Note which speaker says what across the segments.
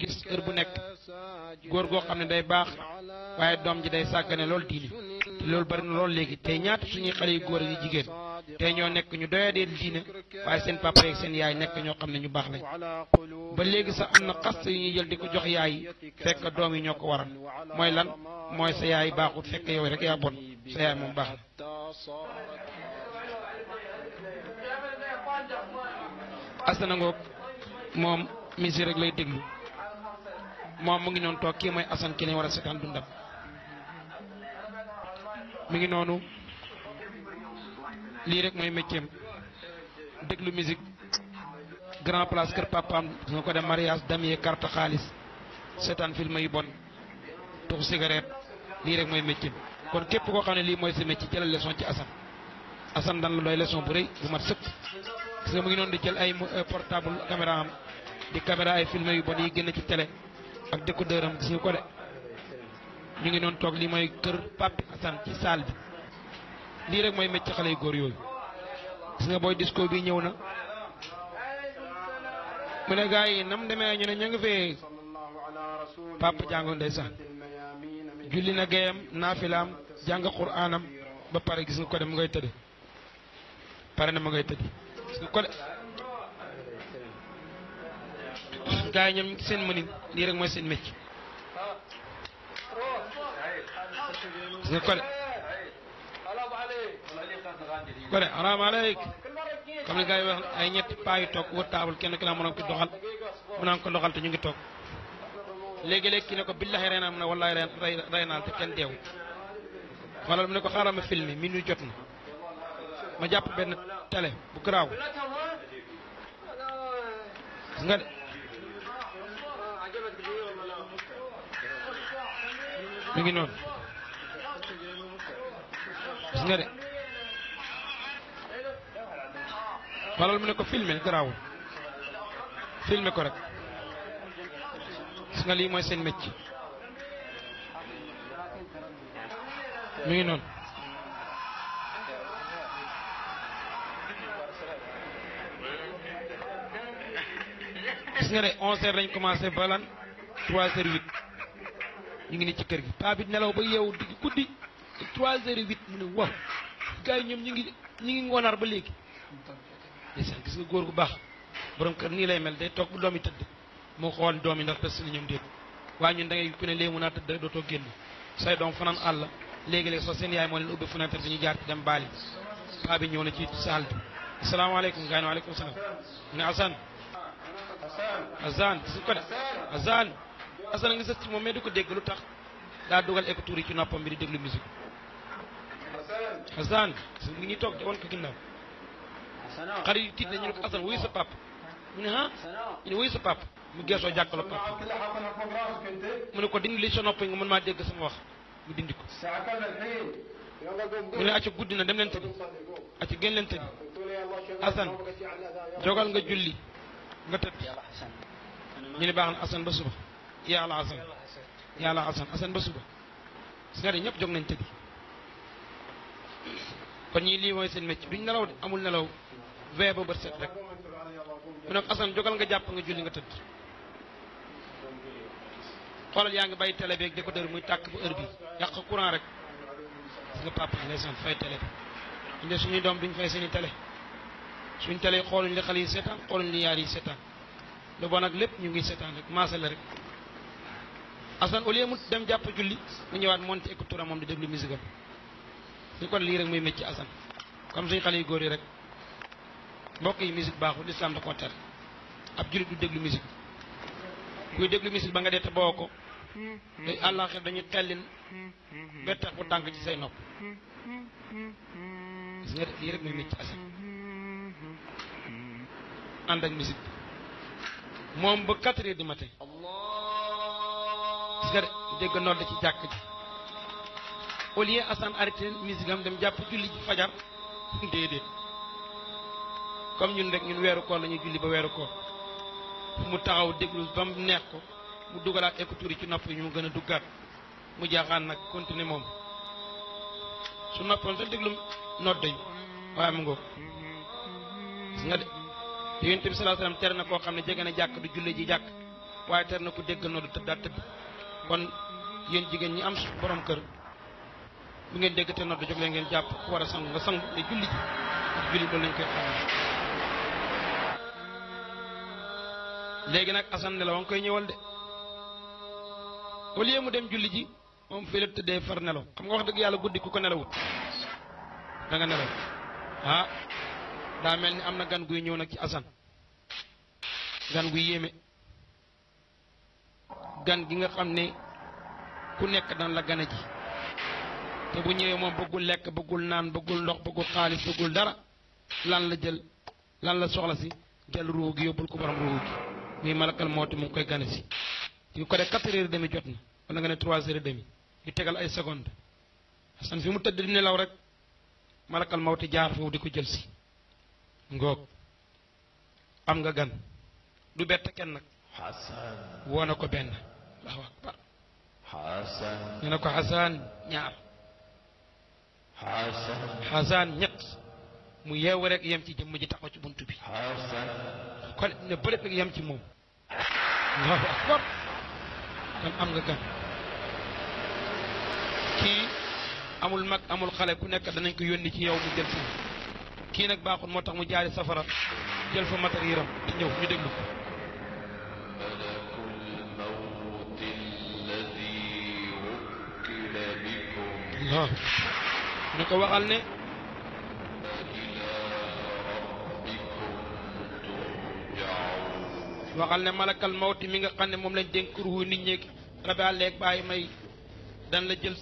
Speaker 1: gis kër bu nekk góor goo xam ne day baax waaye doom ji day sàggane lool diine te loolu bari na lool léegi tey ñaata suñuy xale yu góor yi jigéen tey ñoo nekk ñu doyadee diine waaye seen papa yeeg seen yaay nekk ñoo xam ne ñu baax lañ ba léegi sax am na xasta yu ñuy jël di ko jox yaay yi fekk doom yi ñoo ko waral mooy lan mooy sa yaay baaxul fekk yow rek yaa bon sa yaay moom baax na asana moom misi lay déglu moom mu ngi noonu toog kii mooy Assane ki lañ seetaan dundam mi ngi noonu lii rek mooy métier déglu musique grand place kër papaam nga ko dem mariage damiyee carte xaalis seetaan film yu bon tux cigarette lii rek mooy métier kon képp koo xam ne lii mooy sa métier jëlal leçon ci Assane Assane daan la doy leçon bu rëy bu mat sëkk parce que mu ngi noonu di jël ay portable caméra am di caméra ay film yu bon yi génn ci télé ak dëkku dëram gisuñu ko de mu ngi noonu toog lii mooy kër Pape Assane ci salle bi lii rek mooy mecc xale yu góor yooyu gis nga booy disco bi ñëw na mu ne gars yi nam demee ñu ne ñu ngi fee Pape jàngoon ndeysaan julli na géeyam naafilaam jàng quraanam ba pare gis nga ko de mu ngay tëdd pare na mu ngay tëdd gis nga ko de
Speaker 2: gaa yi ñoom seen mënin
Speaker 1: lii rek mooy seen mécc
Speaker 2: gis nga kone kone araam aleyk
Speaker 1: xam ne gaa yi wax ay ñetti paa yu toog wër taabal kenn ki la moroom ki ko doxal te ñu ngi toog léegi-léegi ki ne ko billahi rey naa mu ne wallahi rey te kenn deewu xoolal mu ne ko xaaral ma filmi mi ñu jot na ma jàpp benn télé bu garaaw mi ngi noonu gis nga de walla mu ne ko filmer garaawul filmer ko rek gis nga lii mooy seen mécc mi ngi noonu gis nga de onze heures lañ commencé balan trois heures huit ñu ngi ne ci kër gi paa bi nelaw ba yeewu di guddi trois heures et huit mu ne waaw gars yi ñu ngi ñu ngi ngoonaar ba léegi ndeysaan gis nga góor gu baax borom kër nii lay mel day toog bu doom yi tëdd moo xool doom yi ndax tes na ñoom déet waaye ñun da ngay ku ne léegi mun naa tëdd dootoo génn say doom fanaan àll léegi-léegi soo seen yaay moo leen ubbi fenêtre bi ñu jaar ci dem baali paa bi ñëw na ci saal bi asalaamaaleykum gars yi waaleykum salaam asana ngi sës ci moom mais du ko dégg lu tax daa dugal écouteur ci noppam bi di déglu musique xasan mi ngi toog di wan ko ginnaaw xarit yi tiit nañu ne ko asan wuyu sa pap mu ne ah ñu ne sa pap mu geesoo jàkkaloo pap mu ne ko dindi li sa noppi nga mën maa dégg sama wax mu dindi ko
Speaker 2: mu ne acca guddi na dem leen tëdd
Speaker 1: acca génn leen tëdd
Speaker 2: asan jogal nga julli nga tëdd ñu
Speaker 1: ne baax na asan ba suba yàlla asan yàlla asan ba suba su nga de ñëpp jóg nañ tëddi kon ñii lii mooy seen mécc duñ nelaw de amul nelaw vee ba bët set rek mu ne asan jógal nga jàpp nga julli nga tëdd xoolal yaa ngi bàyyi télé beeg di ko muy tàkk bu heure bi yàq courant rek gis nga papa ndeysaan fay télé bi ñu ne suñuy doom duñ fay seeni télé suñ télé xooluñ li xale yi seetaan xooluñ li yaar yi seetaan lu bon ak lépp ñu ngi seetaan rek maasale rek Assane au lieu mu dem jàpp julli mu ñëwaat monte écouteur moom di déglu musique am su kon lii rek muy métti Assane comme suñu xale yu góor yi rek mbokk yi musique baaxul lislaam da koo tere ab jullit du déglu musique kuy déglu musique ba nga dee te boo ko day àllaaxir dañuy xellin ba tax bu tànk ci say nopp
Speaker 2: gis nga lii rek muy
Speaker 1: métti Assane ànd ak musique moom ba quatre heures du matin gis dégg nodd ci jàkk ji au lieu Assane arrêté misigam dem jàpp julli ji fajar déedéet comme ñun rek ñun weeru koor lañuy ñuy julli ba weeru koor mu taxaw déglu ba mu neex ko mu dugalaat écouteur yi ci nopp yi ñu gën a duggaat mu jaaxaan nag continuer moom su noppoon sa déglu nodd yi waaye mu ngoog gis nga de yonent bi sallallahu tere na koo xam ne jege na jàkk du julli ji jàkk waaye tere na ko déggal nodd tëddaat tëdd kon yéen jigéen ñi am borom kër bu ngeen dégg te noddu jóg ngeen jàpp ku war a sang nga sang te julli ji léegi nag asan ne la woon koy ñëwal de au lieu mu dem julli ji moom fii la tëddee far nelaw xam nga wax dëgg yàlla guddi ku ko nelawut da nga nelaw ah daa mel ni am na gan guy ñëw nag ci asan gan guy yéeme gan gi nga xam ne ku nekk dan la gane ji te bu ñëwee moom bëggul lekk bëggul naan bëggul ndox bëggul xaalis bëggul dara lan la jël lan la soxla si jël ruux gi yóbbul ko borom ruux gi muy malakal mooti mu ngi koy gane si di ko def quatre heures demi jot na wala nga ne trois heures demi yu tegal ay seconde san fi mu tëdd di nelaw rek malakal mawti jaar foofu di ko jël si ngoog am nga gan du bett kenn nag woona ko benn allahu akbar ko xasaan ñaar xasaan ñett mu yeewu rek yem ci jëmm ji taxaw ci bunt bi kon ne bëlet rek yem ci moom allahu akbar kon am nga gan kii amul mag amul xale ku nekk danañ ko yónni ci yow mu jël si kii nag baaxul moo tax mu jaari safara jël fa matériel am di ñëw ñu déglu ni ko waxal ne waxal ne malakal mawti mi nga xam ne moom lañ dénk ruuxu nit ñi rabi àlleeg bàyyi may dan la jël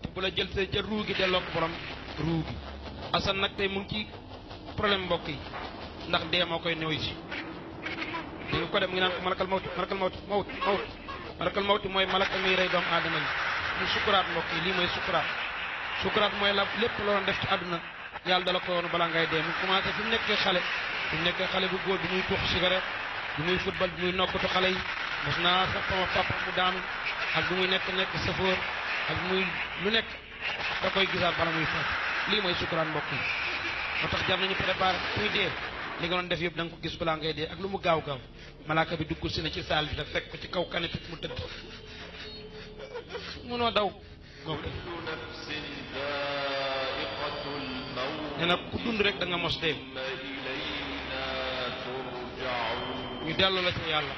Speaker 1: te bu la jël see ca ruu gi delloo ko borom ruu gi asan nag tey mu ci problème mbokk yi ndax dee moo koy néew si di nga ko dem mu ngi naan ko malakal mawti malakal mawti malakal mawti mooy malaka mi rey doomu aadama yi muy sukuraat mbokk yi lii mooy sukuraat sukuraat mooy la lépp loo def ci àdduna yàlla dala ko woon balaa ngay dee mu commencé fi mu nekkee xale fi mu nekkee xale bu góor bi muy tux cigarette bi muy football bi muy nokkatu xale yi mos naa sax sama papa mu daanu ak bi muy nekk nekk safoor ak muy lu nekk da koy gisaat bala muy faat lii mooy sukuraat mbokk yi moo tax jar nañu préparé kuy dee li nga doon def yëpp da ko gis balaa ngay dee ak gaaw gaaw malaaka bi duggul si na ci saal bi da fekk ko ci kaw kanapé mu tëdd mënoo daw
Speaker 2: nee na ku dund rek da nga mos dee
Speaker 1: ñu delloo la ca yàlla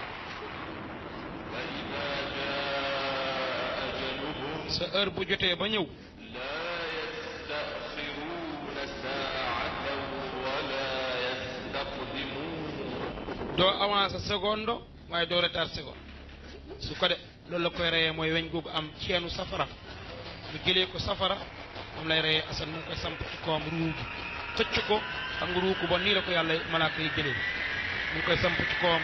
Speaker 1: sa heure bu jotee ba ñëw doo avancer seconde waaye doo retard seconde su ko de loolu la koy reyee mooy weñ googu am ceenu safara mu jëlee ko safara moom lay reyee asan mu koy samp ci kawam ruugi xëcc ko xam nga ruugu bon nii la ko yàlla malaaka yi jëlee mu ngi koy samp ci kawam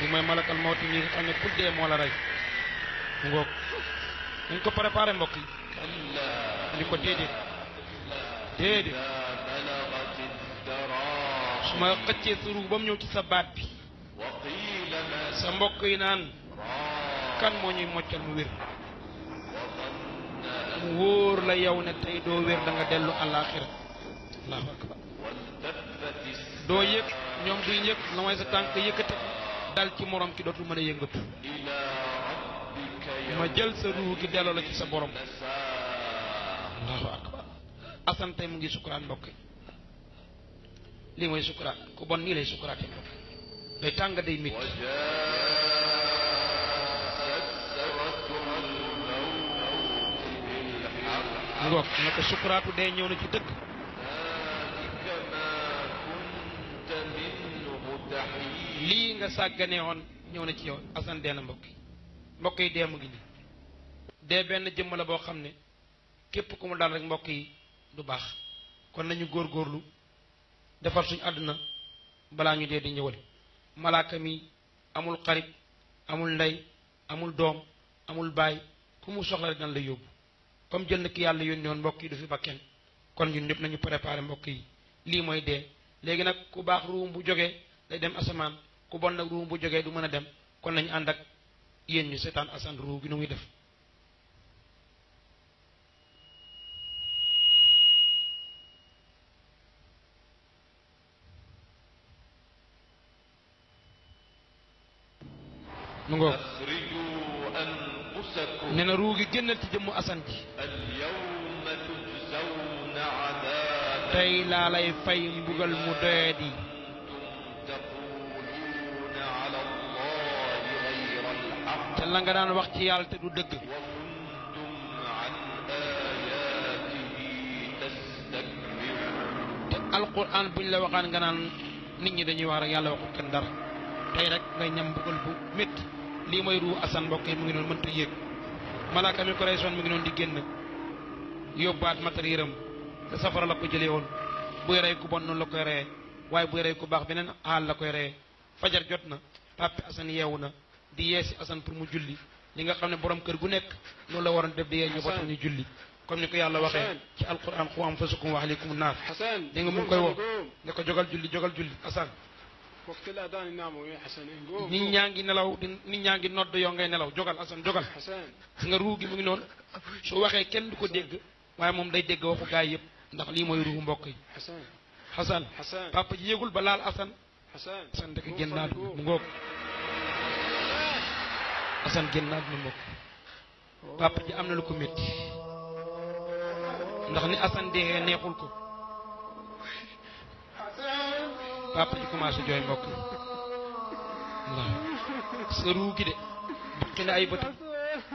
Speaker 1: li mooy malakal mawti mi nga xam ne ku moo la rey ngoog dañ ko préparé mbokk yi di ko déedéet déedéet su ma xëccee sa ruug ba mu ñëw ci sa baat bi sa mbokk yi naan kan moo ñuy moccal mu wér mu wóor la yow ne tey doo wér da nga dellu àllaaxira doo yëg ñoom duñ yëg la mooy sa tànk yëkkati dal ci morom ki dootul mën a yëngatu
Speaker 2: ma jël sa ruux gi delloo la ci sa borom
Speaker 1: asan tey mu ngi sukuraat mbokk yi mooy sukuraat ku bon nii lay sukuraatee mbokk day tàng day métti ngoog naka sukuraatu dee ñëw na ci dëkk lii nga sàggane ñëw na ci yow asan dee na mbokk yi mbokk yi dee gi ngi nii dee benn jëmm la boo xam ne képp ku mu daal rek mbokk yi du baax kon nañu góorgóorlu defar suñu àdduna balaa ñu dee di ñëwale malaaka mi amul xarit amul ndey amul doom amul baay ku mu soxla rek dan la yóbbu comme jël na ki yàlla yónni woon mbokk yi du fi bakken kon ñun ñëpp nañu préparé mbokk yi lii mooy dee léegi nag ku baax ruum bu jógee day dem asamaan ku bon nag ruum bu jógee du mën a dem kon nañu ànd ak yéen ñu seetaan asan ruu bi nu muy def génnal ci jëmmu asan ji tey laa lay fay mbugal mu doyadi te la nga daan wax ci yàlla te du dëgg te alquran buñ la waxaan nga naan nit ñi dañuy wax rek yàlla waxut kenn dara tey rek nga ñam mbugal bu métti lii mooy ruu asan mbokk yi mu ngi noonu mënt yéeg malaaka mi ko rey soon mu ngi noonu di génn yóbbaat matériel te safara la ko jëlee woon buy rey ku bon noonu la koy reyee waaye buy rey ku baax beneen xaal la koy reyee fajar jot na pàppi asan yeewu na di yeesi asan pour mu julli li nga xam ne borom kër gu nekk loolu la waroon def di yee ñëbootam ñu julli comme ni ko yàlla waxee ci alquran qu anfusakum wa ahlikum naar dégg nga mu ngi koy woo ne ko jogal julli jogal julli asan nit ñaa ngi nelaw di nit ñaa ngi nodd yoo ngay nelaw jogal Assane jogal nga ruu gi mu ngi noonu su waxee kenn du ko dégg waaye moom day dégg waxu gaay yëpp ndax lii mooy ruuxu mbokk yi Assane papa ji yégul ba laal Assane Assane dëkk génn naa dund mu ngoog Assane génn mbokk papa ji am na lu ko métti ndax ni Assane deexee neexul ko papa ji commencé jooy mbokk yi waaw sa ruu gi de buqi na ay bëtam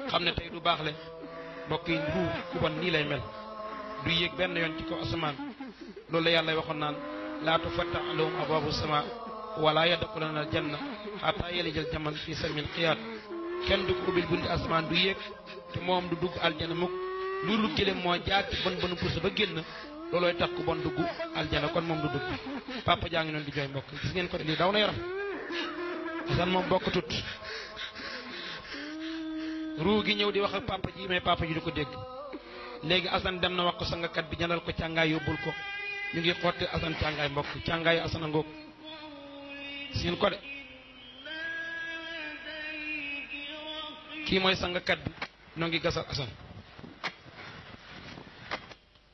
Speaker 1: xam ne tey du baax le mbokk yi ruu ku bon nii lay mel du yéeg benn yoon ci kaw asamaan loolu la yàlla waxoon naan laa tufattax lahum abwaabu sama wala yadxuluuna al janna xataa yalijal jamal fi samil xiyaat kenn du ko ubbil bunti asamaan du yéeg te moom du dugg aljana mukk loolu gëlëm moo jaar ci bon bonu puso ba génn loolooy tax ku bon dugg aljana kon moom du dugg papa jaa ngi noonu di jooy mbokk gis ngeen ko lii daw na yaram asan moom bokk tut ruu gi ñëw di wax ak papa ji mais papa ji du ko dégg léegi asan dem na wax ko sangakat bi ñanal ko càngaay yóbbul ko ñu ngi xotti asan càngaay mbokk càngaayu asan a ngóog gis ngeen ko de kii mooy sangakat bi noo ngi gasal asan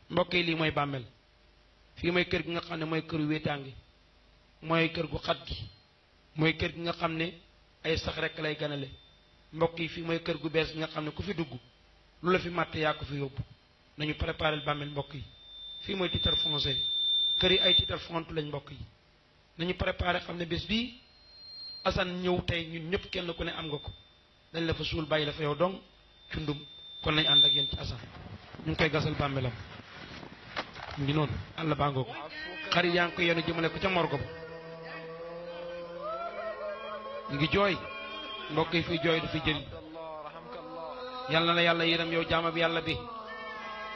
Speaker 1: mbokk yi lii mooy bàmmeel fii mooy kër gi nga xam ne mooy këru wéetaange mooy kër gu xat gi mooy kër gi nga xam ne ay sax rek lay ganale mbokk yi fii mooy kër gu bees gi nga xam ne ku fi dugg lu la fi màtte yaa ko fi yóbbu nañu préparé bàmmeel mbokk yi fii mooy titre foncier kër yi ay titre lañ mbokk yi nañu préparé xam ne bés bii Assane ñëw tey ñun ñëpp kenn ku ne am nga ko dañ la fa suul bàyyi la fa yow dong cundum kon nañ ànd ak yéen ci Assane ñu ngi koy gasal bàmmeelam mu ngi noonu àll baa ngoog xar yaa ngi ko yenu jëmale ko ca morgo ba ngi jooy mbokk yi fi jooy du fi jëriñ yàlla na yàlla yërëm yow jaama bi yàlla bi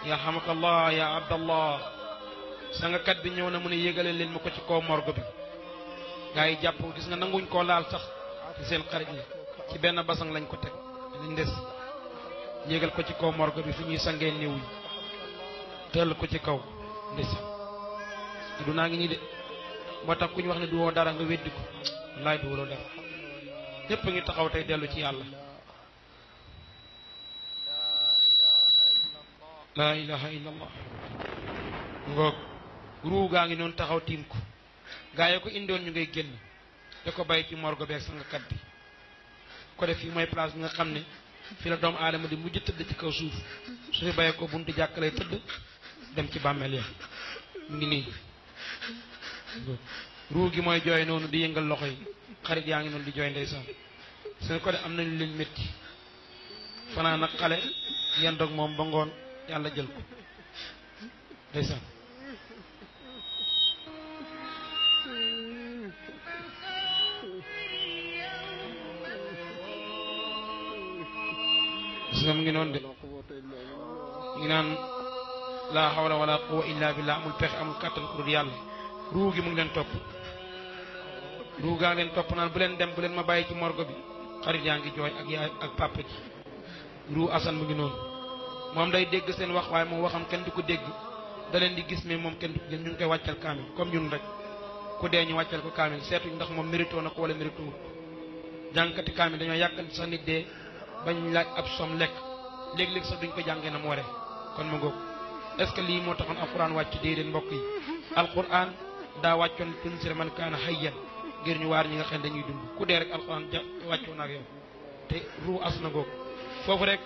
Speaker 1: yarxamakallah ya abdallah sangakat bi ñëw na mu ne leen ma ko ci kaw morgo bi gaa yi jàpp gis nga nanguñ koo laal sax ci seen xarit la ci benn basang lañ ko teg lañ des yégal ko ci kaw morgo bi fi ñuy sangee néew tëll ko ci kaw ndeysaan du naa ngi nii de moo tax ku wax ne du woo dara nga weddi ko wallaay du woo dara ñépp a ngi taxaw tey dellu ci yàlla laa ilaha illa ngoog ruu gaa ngi noonu taxaw tiim ko gaa yi ko indoon ñu ngay génn da ko bàyyi ci morgo beeg sangakat bi ko def fii mooy place bi nga xam ne fi la doomu aadama di mujj tëdd ci kaw suuf su fi ko buntu jàkk lay tëdd dem ci bàmmeel ya mu ngi nii ruu gi mooy jooy noonu di yëngal loxo yi xarit yaa ngi noonu di jooy ndeysaan suñu ko de am nañu luñ métti fanaan ak xale yan doog moom ba ngoon yàlla jël ko ndeysaan mu ngi noonu de ngi naan laa hawla wala quwa illa billah amul pexe amul kàttan ku yàlla ruu gi mu ngi leen topp ruu gaa leen topp naan bu leen dem bu leen ma bàyyi ci morgo bi xarit yaa ngi jooy ak yaay ak papa ji ruu asan mu ngi noonu moom day dégg seen wax waaye moom waxam kenn du ko dégg da di gis mais moom kenn du ko gis ñu kaamil comme ñun rekk ku dee ñu wàccal ko kaamil seetuñ ndax moom mérito na ko wala mérito wul jàngkati kaamil dañoo yàkkanti sax nit dee bañ laaj ab som lekk léeg-léeg sax ko jàngee na mu waree kon ma est ce que lii moo taxoon alquran wàcc déedéet mbokk yi alquran daa wàccoon tunzira man kaana hayyan ngir ñu waar ñi nga xam ne dañuy dund ku dee rek alquran ja wàccoon ak yow te ruu as na googu foofu rek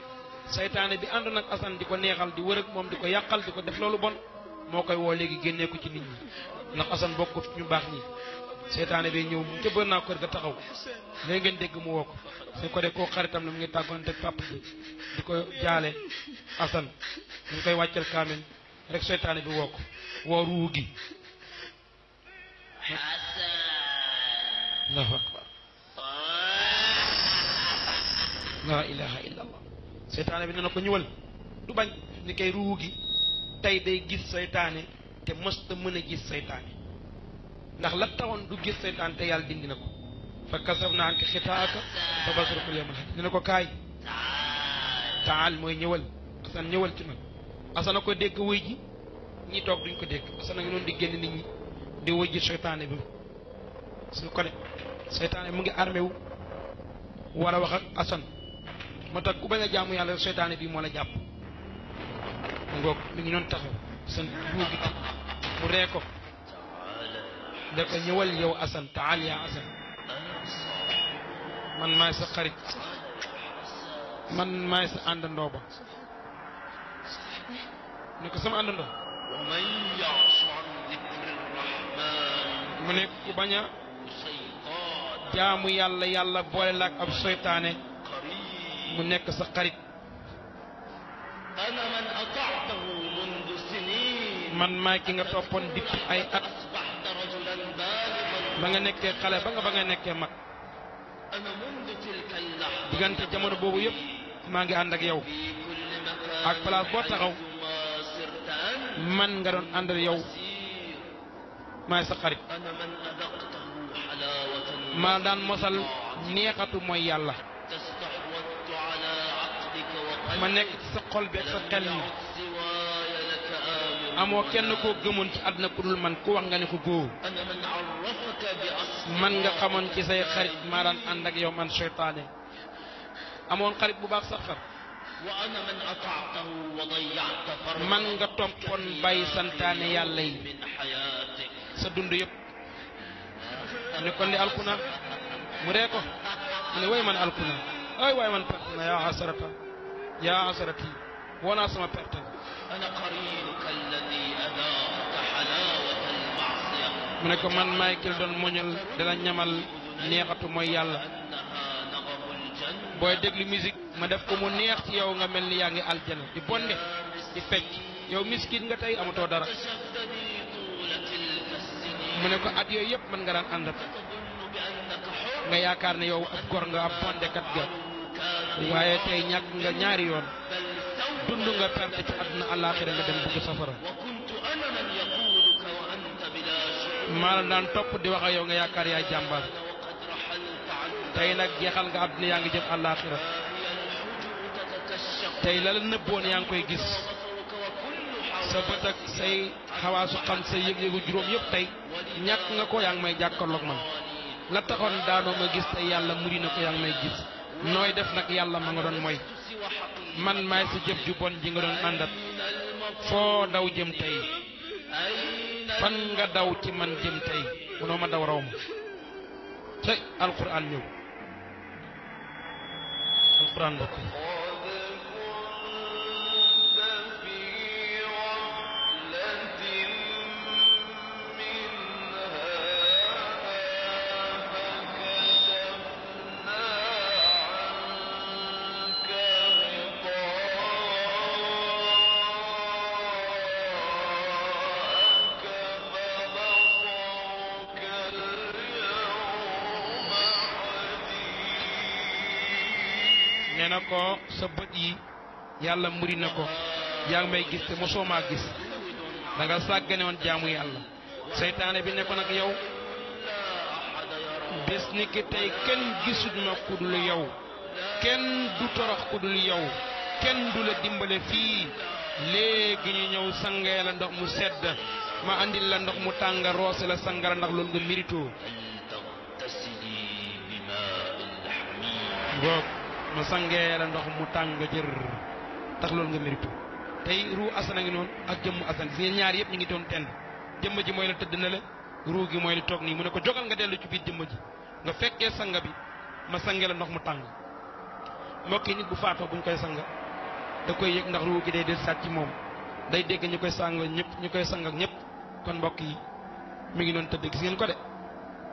Speaker 1: seytaane bi àndoon ak asan di ko neexal di wër ak moom di ko yàqal di ko def loolu bon moo koy woo léegi génnee ko ci nit ñi ndax asan bokkut ñu baax ñi seytaane bi ñëw ca bër naa kër ga taxaw léegi ngeen dégg mu woo ko su ko de koo xaritam la mu ngi tàggoonte papa bi di ko jaale asan ñu ngi koy wàccal kaamil rek seytaane bi woo ko woo gi laa ilaha illa seytaane bi ne na ko ñëwal du bañ ni koy ruu gi tey day gis seytaane te mës ta mën gis seytaane ndax la taxoon du gis seytaan te yàlla dindi na ko fa kasaf naa anka xitaaka fa basruka l yawmal ko kaay mooy ñëwal ñëwal ci man asana ko dégg wuy ji ñi toog duñ ko dégg ngi noonu di génn nit ñi di wuy ji seytaane bi su ko ne seytaane mu ngi armé wu war a wax ak asan moo tax ku bañ a jaamu yàlla seytaane bi moo la jàpp ngoog mi ngi noonu taxaw seen buugi mu ree ko da ko yow Assane taal yaa Assane man maay sa xarit man maay sa àndandoo ba ne ko sama àndandoo mu ne ku bañ a jaamu yàlla yàlla boole laak ab seytaane mu nekk sa xarit man maay ki nga toppoon dipp ay at ba nga nekkee xale ba nga ba nga nekkee mag diggante jamono boobu yëpp maa ngi ànd ak yow ak place boo taxaw man nga doon àndal yow maay sa xarit maa daan mosal neexatu mooy yàlla ma nekk ci sa xol bi ak sa xel mi amoo kenn koo gëmoon ci àdduna ku dul man ku wax nga ne ko góor man nga xamoon ci say xarit maa daan ànd ak yow man seytaane amoon xarit bu baax sax xar man nga toppoon bàyyi santaane yàlla yi sa dund yëpp mu ne kon di alkuna mu ree ko mu ne way man alkuna ay waay man perte na yaa asarata yaa asarati woonaa sama perte mu ne ko man maay kil doon moñal dana ñamal neexatu mooy yàlla booy déglu musique ma def ko mu neex ci yow nga mel ni yaa ngi aljana di bonde di fecc yow miskin nga tey amatoo dara mu ne ko at yooyu yëpp mën nga daan àndat nga yaakaar ne yow ab gor nga ab bondekat ga waaye tey ñàkk nga ñaari yoon dund nga perte ci àdduna àllaaxira nga dem bugg safara maa la daan topp di wax ak yow nga yaakaar yaay jàmbaar tey nag jeexal nga àdduna yaa ngi jëm àllaaxira tey la la nëbboon yaa ngi koy gis sa bët ak say xawaasu xam sa yëg-yëgu juróom yëpp tey ñàkk nga ko yaa ngi may jàkkaarloog man la taxoon daanoo ma gis tey yàlla muri na ko yaa ngi may gis nooy def nag yàlla ma nga doon mooy man maay sa jëf ju bon ji nga doon àndat foo daw jëm tey fan nga daw ci man jëm tey munoo ma daw raw ma tey alquran ñëw na ko sa bët yi yàlla muri na ko yaa ngi may gis te mosoo maa gis da nga sàggane woon jaamu yàlla seytaane bi ne ko nag yow bés ni ki tey kenn gisut ma ku dul yow kenn du torox ku dul yow kenn du la dimbale fii léegi ñu ñëw sangee la ndox mu sedd ma andil la ndox mu tàng roose la sangara ndax loolu nga mérito. ma sangee la ndox mu tàng jër tax loolu nga mérito tey ruu asana ngi noonu ak jëmm asana si ñaar yëpp ñu ngi doon tenn jëmm ji mooy la tëdd na la ruu gi mooy la toog nii mu ne ko jogal nga dellu ci biir jëmm ji nga fekkee sanga bi ma sangee la ndox mu tàng mbokk yi nit bu faatoo buñ koy sanga da koy yëg ndax ruu gi day del saat ci moom day dégg ñu koy sang ñëpp ñu koy sang ak ñëpp kon mbokk yi mu ngi doon tëdd gis ngeen ko de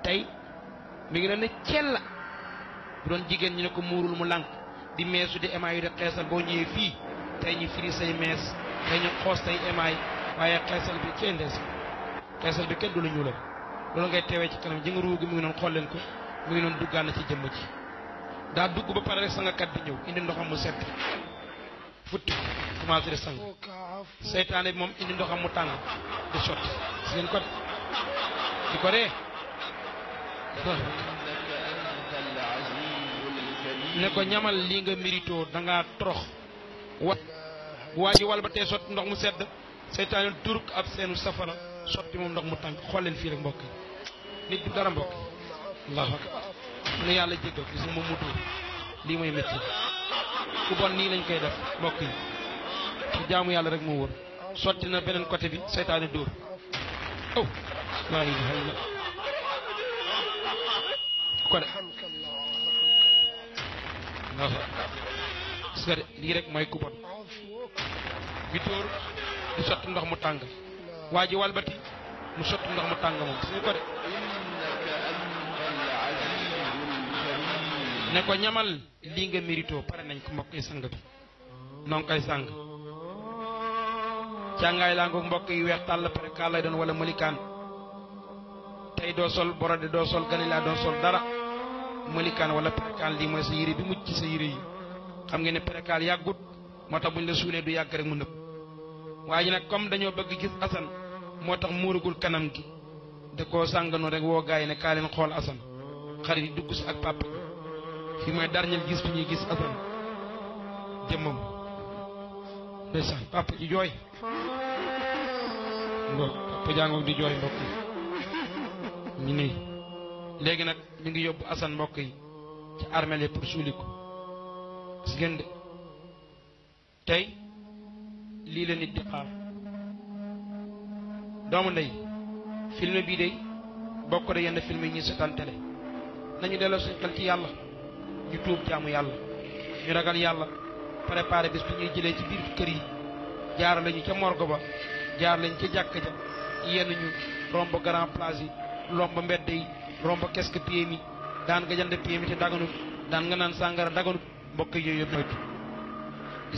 Speaker 1: tey mu lànk di meesu di émaay yu def xeesal boo ñëwee fii tey ñu firi say mees tey ñu xoos say émaay waaye xeesal bi kenn des xeesal bi kenn du la ñuulal loolu ngay teewee ci kanam jënga ruu gi mu ngi noonu xool leen ko mu ngi noonu duggaan na ci jëmm ji daa dugg ba pare rek sangakat bi ñëw indi ndoxam mu sedd futti commencé di sang seytaane bi moom indi ndoxam mu tàng di sotti si ngeen ko di ko ree
Speaker 2: ne ko ñamal
Speaker 1: li nga méritoo danga ngaa torox wa waa ji wal sotti ndox mu sedd seytaane turk ab seenu safara sotti moom ndox mu tànk xool leen fii rek mbokk nit du dara mbokk allahu ne yàlla jéggal gis nga moom mu dóor lii mooy métti ku bon nii lañ koy def mbokk yi ci jaamu yàlla rek moo wër sotti na beneen côté bi seytaane dóor aw oh. laa gis nga de lii rek mooy ku bon bi sotti ndox mu tàng waa ji walbati mu sotti ndox mu tàng moom gis nga ko de ne ko ñamal lii nga mérito pare nañ ko mbokk yi sang bi noo sang càngaay laa ngoog mbokk yi weex tàll pare kaa lay doon wala malikaan tey doo sol borode doo sol ganilaa doo sol dara mëlikaan wala perekaal lii mooy sa yére bi mucc ci sa yére yi xam ngeen ne perekaal yàggut moo tax buñ la suulee du yàgg rek mu nëb waaye nag comme dañoo bëgg gis asan moo tax muuragul kanam gi da ko sànganoon rek woo gars yi ne kaa leen xool asan xarit yi dugg si ak papa fi mooy dernier gis bi ñuy gis asan jëmmam ndeysaan papa jooy mbokk papa di jooy mbokk nii léegi nag mu ngi yóbbu Assane mbokk yi ci armeel yi pour suuli ko gis ngeen tey lii la nit di xaar doomu ndey film bii de bokk de yenn film yi ñuy seetaan télé nañu delloo suñu xel ci yàlla ñu tuub jaamu yàlla ñu ragal yàlla préparé bis bu ñuy jëlee ci biir kër yi jaar lañu ca morgo ba jaar lañu ca jàkk ja yenn ñu romb grand place yi romb mbedd yi romb kes que pied mi daan nga jënd pied mi te daganut daan nga naan sàngara daganut mbokk yooyu yëpp moytu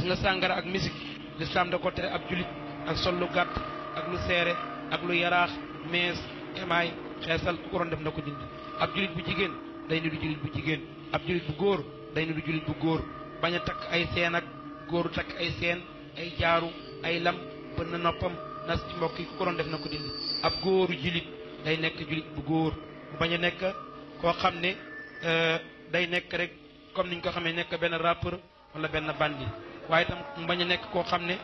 Speaker 1: nga sàngara ak musique l'islam da ko tere ab julit ak sol lu gàtt ak lu seere ak lu yaraax mees emaay xeesal ku def na ko dindi ab julit bu jigéen day ni julit bu jigéen ab julit bu góor day ni julit bu góor bañ a takk ay seen ak góoru takk ay seen ay jaaru ay lam bën na noppam nas ci mbokk yi ku def na ko dindi ab góoru julit day nekk julit bañ a nekk koo xam ne euh, day nekk rek comme niñ ko xamee nekk benn rappeur wala benn bandi waaye tam mu bañ a nekk koo xam ne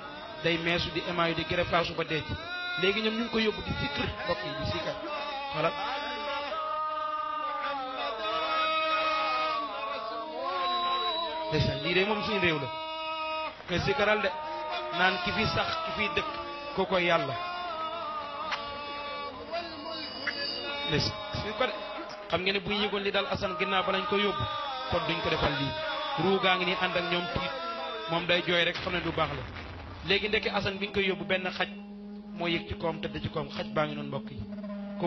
Speaker 1: day meesu di émayu di greffage ba dee léegi ñoom ñu ngi ko yóbbu di sikkar lii de moom suñu réew la naan ki fi sax ki fi dëkk koo koy yàlla suñ ko de xam nga ne bu ñu yëgoon li daal Assane ginnaaw ba lañ ko yóbbu kon duñ ko defal lii gaa ngi nii ànd ak ñoom tiit moom day jooy rek xam ne du baax la léegi ndekki Assane bi ñu koy yóbbu benn xaj moo yëg ci koom tëdd ci koom xaj baa ngi noonu mbokk yi ku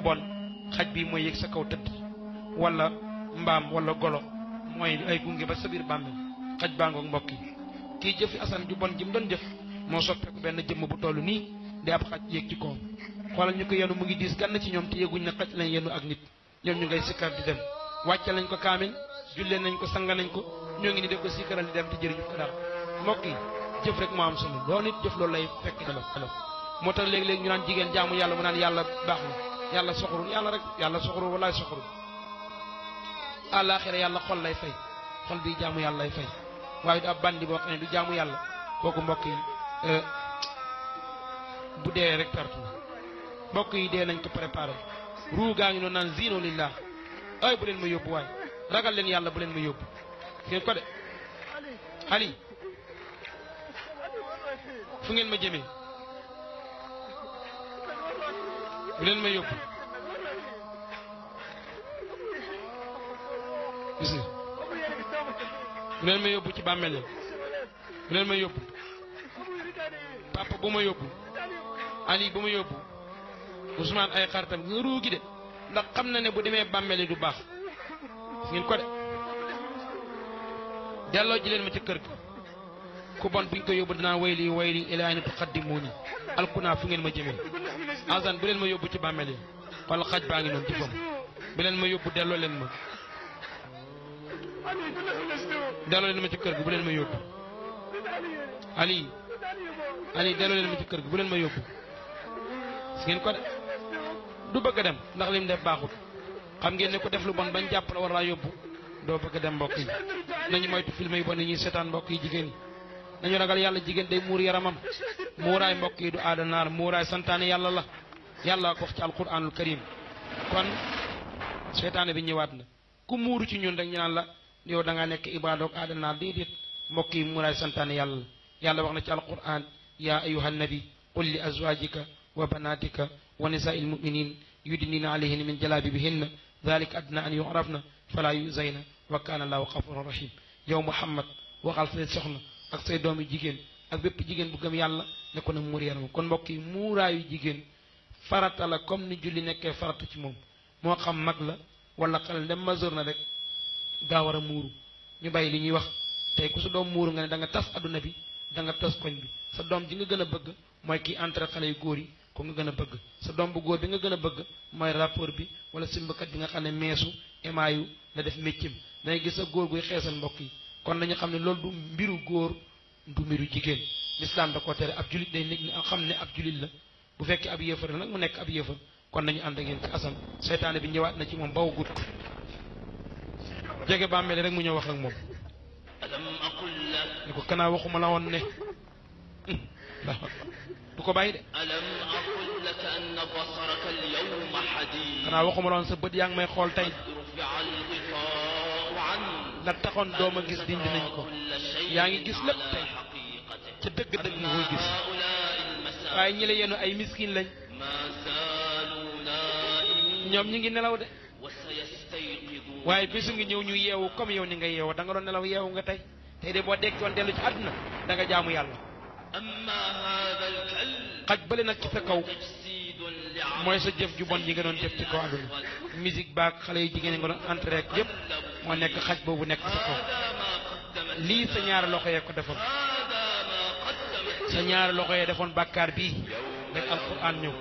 Speaker 1: xaj bi mooy yëg sa kaw tëdd wala mbaam wala golo mooy ay gunge ba sa biir bàmmeel xaj baa ngoog mbokk yi kii jëfi Assane ju bon ji mu doon jëf moo soppeeku benn jëmm bu toll nii di ab xaj yëg ci koom xoolal ñu ko yenu mu ngi diis gann ci ñoom te yëguñ ne xaj lañ yenu ak nit ñoom ñu ngay sikkar di dem wàcce nañ ko kaamil jullee nañ ko sanga nañ ko ñoo ngi ni def ko sikkaral di dem te jëriñu ko dara mbokk jëf rek moo am solo loolu nit jëf loolu lay fekk xelam moo tax léegi-léegi ñu naan jigéen jaamu yàlla mu naan yàlla baax na yàlla soxorul yàlla rek yàlla soxorul walaay soxorul àllaaxira yàlla xol lay fay xol bi jaamu yàlla lay fay waaye du ab bandi boo xam ne yàlla kooku mbokk yi euh, bu dee bokk yi dee nañ ko préparé ruu gaa ngi noonu naan ziino lillah ay bu leen ma yóbbu waay ragal leen yàlla bu leen ma yóbbu ngeen ma jëmee bu leen ma yóbbu gis nga leen ci bàmmeel ya bu leen ma yóbbu papa bu ma yóbbu ali bu ma yóbbu Ousmane ay xaritam nga ruugi de ndax xam na ne bu demee bàmmeeli du baax ngeen ko de delloo ji leen ma ci kër gi ku bon buñ ko yóbbu dinaa wayli wayli ilaa ayna tuqaddimuuni alkunaa fu ngeen ma jëmee azan bu leen ma yóbbu ci bàmmeel yi wala xaj baa ngi noonu jëfam bu leen ma yóbbu delloo leen ma
Speaker 2: delloo kër bu leen ma yóbbu
Speaker 1: ali ali delloo ci kër gi bu ma yóbbu ngeen ko de du bëgg a dem ndax lim def baaxul xam ngeen ne ku def lu bon bañ jàpp la war yóbbu doo bëgg a dem mbokk yi nañu moytu film yu bon yi ñuy seetaan mbokk yi jigéen yi nañu ragal yàlla jigéen day muur yaramam muuraay mbokk yi du aada naar muuraay santaane yàlla la yàlla ko wax ci alquranul karim kon seetaane bi ñëwaat na ku muuru ci ñun rek ñu la yow da ngaa nekk ibaadoog aada naar déedéet mbokk yi muuraay santaane yàlla la yàlla wax na ci alquran yaa il bi ونساء المؤمنين يدنين عليهن من جلابيبهن ذلك أدنى أن يعرفن فلا يؤذين وكان الله غفورا رحيم yow Muhammad waxal say soxna ak say doomi jigéen ak bépp jigéen bu gëm yàlla ne ko na muur yaram kon mbokk yi muuraayu jigéen farata la comme ni julli nekkee farata ci moom moo xam mag la wala xale dem majeur na rek daa war a muuru ñu bàyyi li ñuy wax tey ku su doom muuru nga ne da nga tas àdduna bi da nga tas koñ bi sa doom ji nga gën bëgg mooy kii entre xale yu góor yi ku nga gën a bëgg sa doom góor bi nga gën a bëgg mooy rapport bi wala simbakat bi nga xam ne meesu emaayu la def méccam dangay gis sa góor guy xeesal mbokk yi kon nañu xam ne loolu du mbiru góor du mbiru jigéen lislaam da ko tere ab julit day nit xam ne ab julit la bu fekkee ab yéefar nag mu nekk ab yéefar kon nañu ànd a yéen ci asam seytaane bi ñëwaat na ci moom baw gut jege bàmmeel rek mu ñëw wax ak moom ni ko kanaa waxuma la woon ne ko bàyyi de xanaa waxuma doon sa bët yaa ngi may xool tey la taxoon doom gis yaa ngi gis lépp dëgg-dëgg nga koy gis waaye ñi la yenu ay miskin lañ ñoom ñi ngi nelaw de waaye bisu ngi ñëw ñu yeewu comme yow ni nga yeewu da nga doon nelaw yeewu nga tey tey de boo dekkoon dellu ci àdduna danga nga jaamu yàlla xaj bale nag ci sa kaw mooy sa jëf ju bon yi nga doon jëf ci kaw àdduna musique baak xale yu jigéen yi nga doon entré ak yëpp moo nekk xaj boobu nekk sa kaw lii sa ñaari loxo yee ko defoon sa ñaari loxo yee defoon bakkaar bii rek alquran ñëw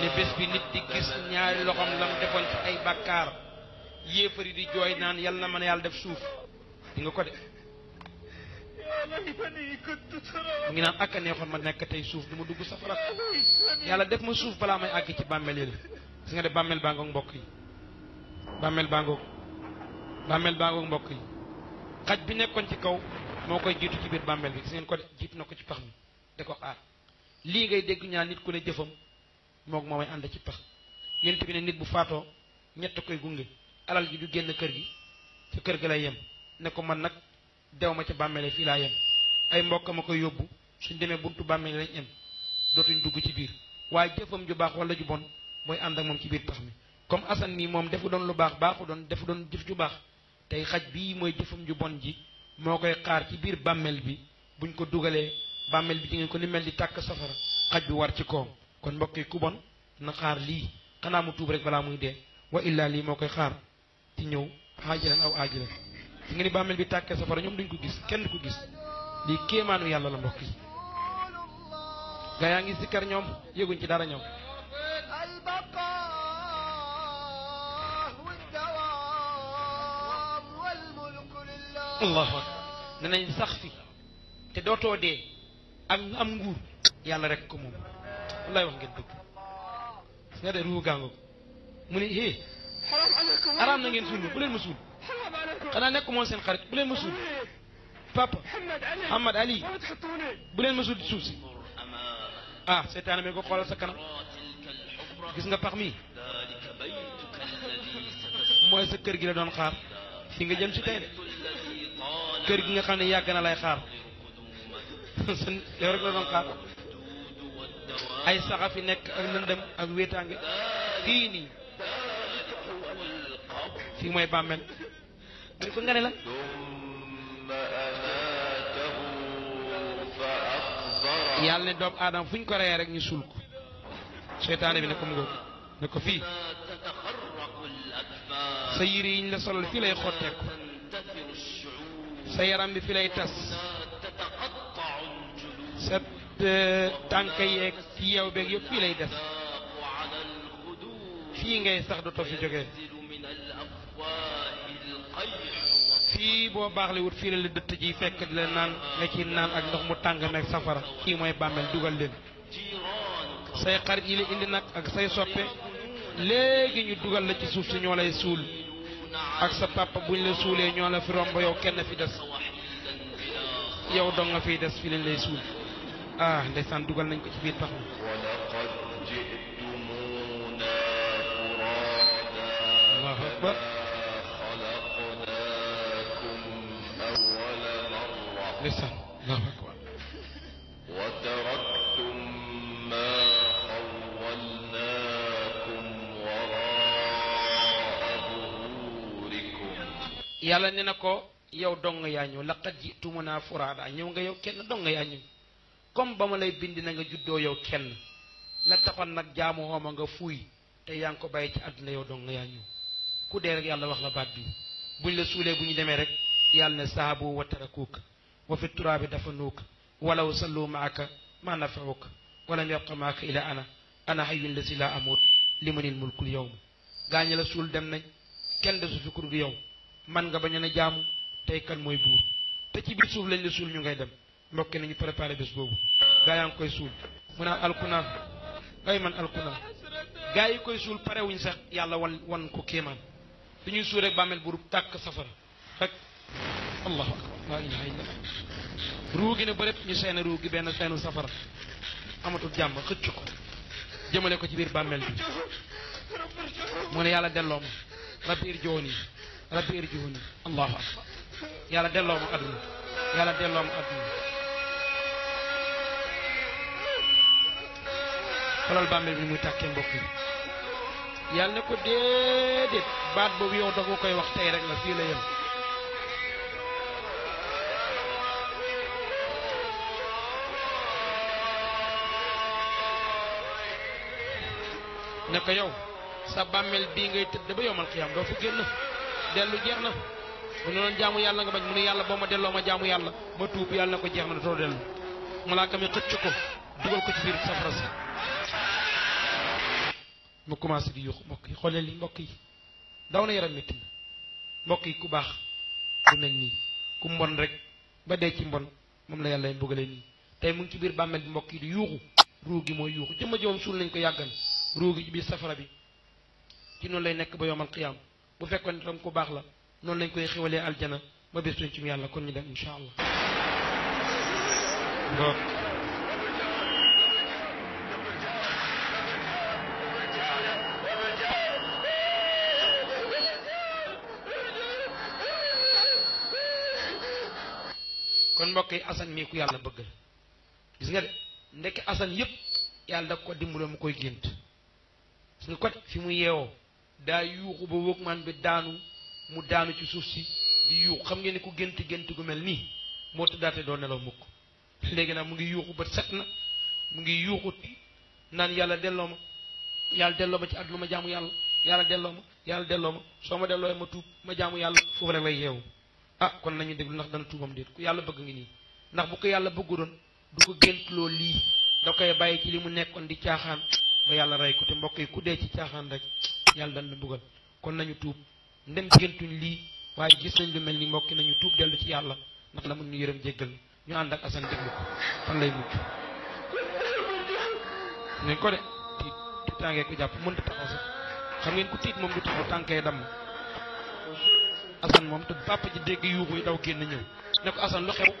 Speaker 1: ne bés bi nit di gis ñaari loxoom lam defoon ci ay bàkkaar yéefari di jooy naan yal na mën a yàlla def suuf di ko de mu ngi naan ak neexoon ma nekk tey suuf du ma dugg safara yàlla def ma suuf balaa may àgg ci bàmmeel yi gis nga de bàmmeel bàngoog mbokk yi bàmmeel bàngoog bàmmeel bàngoog mbokk yi xaj bi nekkoon ci kaw moo koy jiitu ci biir bàmmeel bi gis ngeen ko de jiitu na ko ci pax mi de ko aar lii ngay dégg ñaar nit ku ne jëfam moog moo may ànd ci pax yonent bi ne nit bu faatoo ñett koy gunge alal ji du génn kër gi ca kër gi lay yem ne ko man nag dew ma ca bàmmeele fii laa yem ay mbokkam a koy yóbbu suñ demee buntu bàmmeele lañ em dootuñu dugg ci biir waaye jëfam ju baax wala ju bon mooy ànd ak moom ci biir pax mi comme Assane nii moom defu doon lu baax baaxu doon defu doon jëf ju baax tey xaj bii mooy jëfam ju bon ji moo koy xaar ci biir bàmmeel bi buñ ko dugalee bàmmeel bi di ngeen ko li mel di tàkk safara xaj bi war ci kawam kon mbokk yi ku bon na xaar lii xanaa mu tuub rek balaa muy dee wa illaa lii moo koy xaar ci ñëw xaajilan aw aajilan nga ni bàmmeel bi tàkkee safara ñoom duñ ko gis kenn du ko gis lii kéemaanu yàlla la mbokk yi gaa yaa ngi sikkar ñoom yëguñ ci dara ñoom allahu akbar danañ sax fi te dootoo dee ak am nguur yàlla rek ko moom wallaay wax ngeen dëgg su nga dee ruu gàngo mu ne hé araam na ngeen suul bu leen ma suul xanaa nekk moon seen xarit bu leen papa Ahmad Ali bu leen ma suuf di suuf si ah, ko xoolal sa kanam gis nga pax mi
Speaker 2: mooy sa kër gi la doon
Speaker 1: xaar fi nga jëm si tey kër gi nga xam ne yàgg lay xaar sa yow rek la doon xaar ay saxa fi nekk ak lëndëm ak wéetaange fii nii fii mooy bàmmeel mu ne ko nga ne la yàlla ne doomu aadama fu ñu ko reyee rek ñu suul ko seytaane bi ne ko mu ngoog ne ko fii sa yére yi ñu la solal fii lay xotteeku sa yaram bi fi lay tas sa e, tànk yeeg yeew beeg yëpp fii lay des fii ngay sax dootoo fi jógee fii boo baax le wut fii la la dëtt ji fekk la naan nga ci naan ak ndox mu tàng meeg safara kii mooy bàmmeel dugal leen say xarit yi la indi nag ak say soppe léegi ñu dugal la ci suuf si ñoo lay suul ak sa papa buñ la suulee ñoo la fi romb yow kenn fi des yow dong nga fiy des fi lañ lay suul ah ndeysaan dugal nañ ko ci biir pax mi
Speaker 2: allahu akbar ndeysaan allahu akbar وتركتم ما
Speaker 1: yàlla ne na ko yow dong yaa ñëw la laqad naa furaada ñëw nga yow kenn dong yaa ñëw comme ba ma lay bind na nga juddoo yow kenn la taxoon nag jaamu xooma nga fuuy te yaa ngi ko bàyyi ci àdduna yow dong yaa ñëw ku dee rek yàlla wax la baat bi buñ la suulee bu ñu demee rek yàlla ne saabu wa tarakuuka wa fi turaabi dafa nuuk walaw sallu maaka ma nafauk walam yabqa maaka ila ana ana hayyun lasi la amut limanil mulkul yawm gaañi la suul dem nañ kenn desu yow man nga bañ a jaamu tey kan mooy buur te ci biir suuf lañ la suul ñu ngay dem mbokk nañu préparé bés boobu gaa yaa ngi koy suul mu naan alkunaan man alkunaan gaa yi koy suul pare wuñ sax yàlla wan wan ko kéemaan dañuy suul rek bàmmeel bu tàkk safara rek allahu akbar laa ilaaha gi ne bërëb ñu seen ruu benn seenu safara amatul jàmm xëcc ko jëmale ko ci biir bàmmeel bi mu ne yàlla delloo ma rabbi irji'uuni rabbi irji'uuni allahu akbar yàlla delloo ma adduna yàlla delloo ma adduna xoolal bàmmeel bi muy tàkkee mbokk yi yàlla ne ko déedéet baat boobu yow da nga koy wax tey rek la fii la yem ne yow sa bàmmeel bii ngay tëdd ba yowmal xiyaam doo fa génn dellu jeex na mu ne noonu jaamu yàlla nga bañ mu ne yàlla boo ma delloo ma jaamu yàlla ma tuub yàlla na ko jeex na dootoo dellu malaaka mi xëcc ko dugal ko ci biir safara si mu commencé di yuux mbokk yi xoolee li mbokk yi daw na yaram métti mbokk yi ku baax du mel nii ku mbon rek ba dee ci mbon moom la yàlla mbugale nii tey mu ngi ci biir bàmmeel bi mbokk yi di yuuxu ruu gi mooy yuuxu jëmma ko yàggan ruugi ci biir safara bi ci noonu lay nekk ba yowmal qiyaam bu fekkoon ne tam ku baax la noonu lañ koy xéwalee aljana ba bés ci mu yàlla kon ñu dem incha allah kon mbokk yi asan mii ku yàlla bëgg la gis nga de ndekki asan yëpp yàlla da ko dimbaloo mu koy gént gis nga fi mu yeewoo daa yuuxu ba wóogmaan bi daanu mu daanu ci suuf si di yuuxu xam ngeen ni ku gént gént gu mel nii moo tëddaate doo nelaw mukk léegi nag mu ngi yuuxu ba set na mu ngi yuuxu naan yàlla delloo ma yàlla delloo ma ci ak lu ma jaamu yàlla yàlla delloo ma yàlla delloo ma soo ma delloo ma tuub ma jaamu yàlla foofu rek lay yeewu ah kon nañu déglu ndax dana tuubam déet ku yàlla bëgg ngi nii ndax bu ko yàlla bëggu doon du ko gént loo lii da koy bàyyi ci li mu nekkoon di caaxaan ba yàlla rey ko te mbokk yi ku dee ci caaxaan rek yàlla dañ la mbugal kon nañu tuub ndem diggantuñ lii waaye gis nañ lu mel ni mbokk nañu tuub dellu ci yàlla ndax la mun ñu yërëm jéggal ñu ànd ak asan déglu ko lay mujj nañ ko de tiit tiitaangee ko jàpp mënta taxaw sax xam ngeen ku tiit moom du taxaw tànkee damm asan moom te papa ji dégg yuuxu yi daw génn ñëw ne ko asan lu xew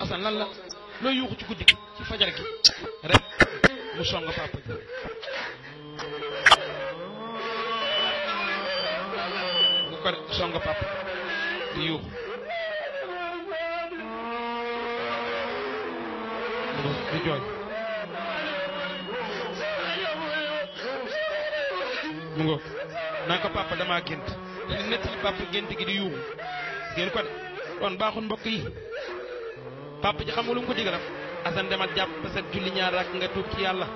Speaker 1: asan lan la loo yuuxu ci guddi gi ci fajar gi rek mu song papa ji mu ko song papa di yuuxu di jooy mu ngoog naa papa damaa gént di nettali papa gént gi di yuuxu ngeen ko de kon baaxul mbokk yi papa ji xam nga lu mu asan demal jàpp set julli ñaar rakk nga tuub ci yàlla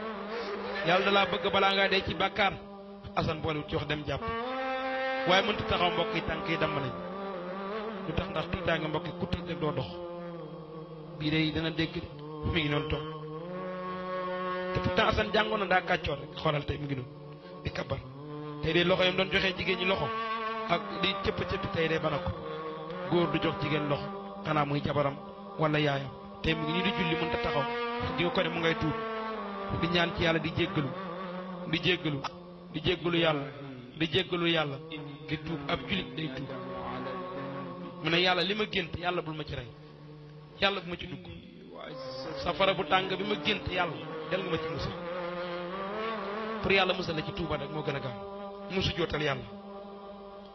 Speaker 1: yàlla dalaa bëgg balaa ngaa dee ci bàkkaar asan boolewut ci wax dem jàpp waaye mënut taxaw mbokk yi tànk yi damm nañ lu tax ndax tiitaange mbokk yi ku tiit rek doo dox bii day dana dégg mi ngi noonu toog te pourtant asan jàngoon na daa kàccoor xoolal tey mi ngi noonu di kabar tey de loxo yam doon joxe jigéen ñi loxo ak di cëpp cëpp tey de bana ko góor du jox jigéen loxo xanaa muy jabaram wala yaayam tey mu ngi nii di julli mënta taxaw di nga ko ne mu ngay tuub di ñaan ci yàlla di jéggalu di jéggalu di jéggalu yàlla di jéggalu yàlla di tuub ab jullit day tuub mu ne yàlla li ma gént yàlla bul ma ci rey yàlla bu ma ci dugg safara bu tàng bi ma gént yàlla del nga ma ci musal pour yàlla musal la ci tuuba rek moo gën a gaaw mu sujjootal yàlla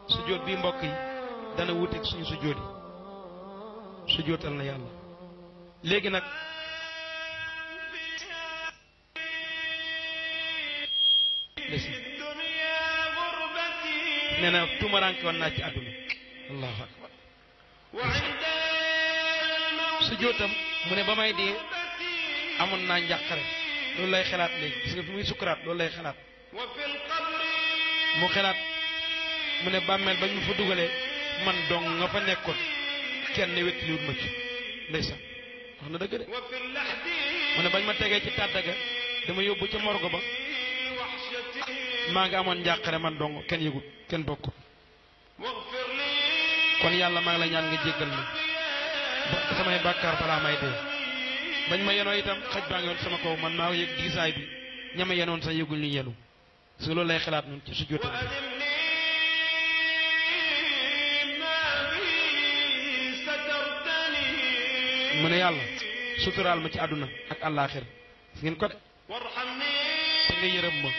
Speaker 1: sujjoot bii mbokk yi dana wuteeg suñu sujjoot yi sujjootal na yàlla léegi nag
Speaker 2: nee na tumaranke woon naa ci
Speaker 1: àdduna allahu akbar su jootam mu ne ba may dee amoon naa njàqare loolu lay xalaat léegi gis nga fi muy sukkuraat loolu lay xalaat mu xalaat mu ne bàmmeel bañ mu fa dugalee man dong nga fa nekkoon kenn wettiliwut ma ci ndeysaan wax na dëgg de mu ne bañ ma tegee ci tàdda ga dama yóbbu ca morgo ba
Speaker 2: maa ngi amoon njàqare man dong kenn yëgut kenn bokkut kon yàlla maa ngi la ñaan nga jéggal
Speaker 1: ma ba samay bàkkaar balaa may dee bañ ma yenoo itam xaj baa ngi yoon sama kaw man maa yëg diisaay bi ñama yenoon sax yëguñ lu yenu su loolu lay xalaat ñun ci su jotam mu ne yàlla suturaal ma ci àdduna ak àllaaxira ngeen ko de
Speaker 2: te
Speaker 1: nga yërëm ma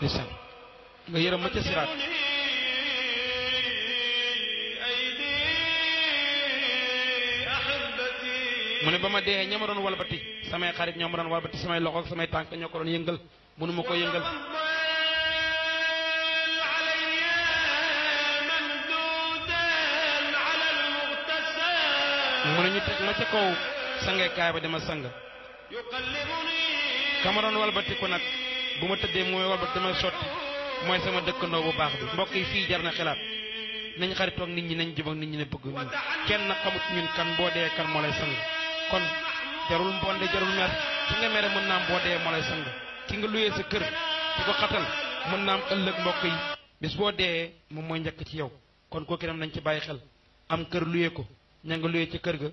Speaker 1: ndeysaan nga yërëm ma ca siraat mu ne ba ma dee ña ma doon walbati samay xarit ñoo doon walbati samay loxo samay tànk ñoo ko doon yëngal mënu ma ko yëngal mu ne ñu teg ma ca kaw sangeekaay ba dama sang kama doon walbatiku nag bu ma tëddee mooy walbati dama sotti mooy sama dëkkandoo bu baax bi mbokk yi fii jar na xelaat nañ xaritoog nit ñi nañ jubóog nit ñi ne bëgg ñun kenn nag xamut ñun kan boo dee kan moo lay sang kon jarul mbonde jarul mer ki nga mere mën naa boo dee moo lay sang ki nga luyee sa kër di ko xatal mën naam ëllëg mbokk yi bis boo dee moom mooy njëkk ci yow kon kooku nañ ci bàyyi xel am kër luyee ko ña nga luye ca kër ga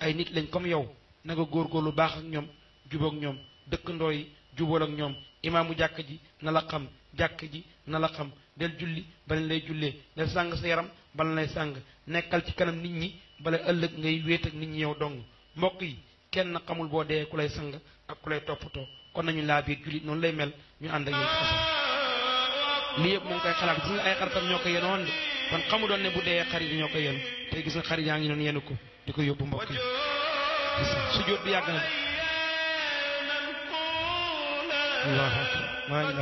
Speaker 1: ay nit lañ comme yow na góor góorgóorlu baax ak ñoom jubook ñoom dëkkandoo yi jubóol ak ñoom imaamu jàkk ji na la xam jàkk ji na la xam del julli bala lay jullee del sàng yaram bala lay sàng nekkal ci kanam nit ñi bala ëllëg ngay wéet ak nit ñi yow dong mbokk yi kenn xamul boo dee ku lay sang ak ku lay toppatoo kon nañu laa biir noonu lay mel ñu ànd ak yéen lii yëpp mu ngi koy xalaat gis nga ay xaritam ñoo ko yenoon de kon xamu doon ne bu dee xarit yi ñoo ko yenu tey gis nga xarit yaa ngi noonu yenu ko di ko yóbbu mbokk yi sujjóot bi yàgg na allahu akbar laa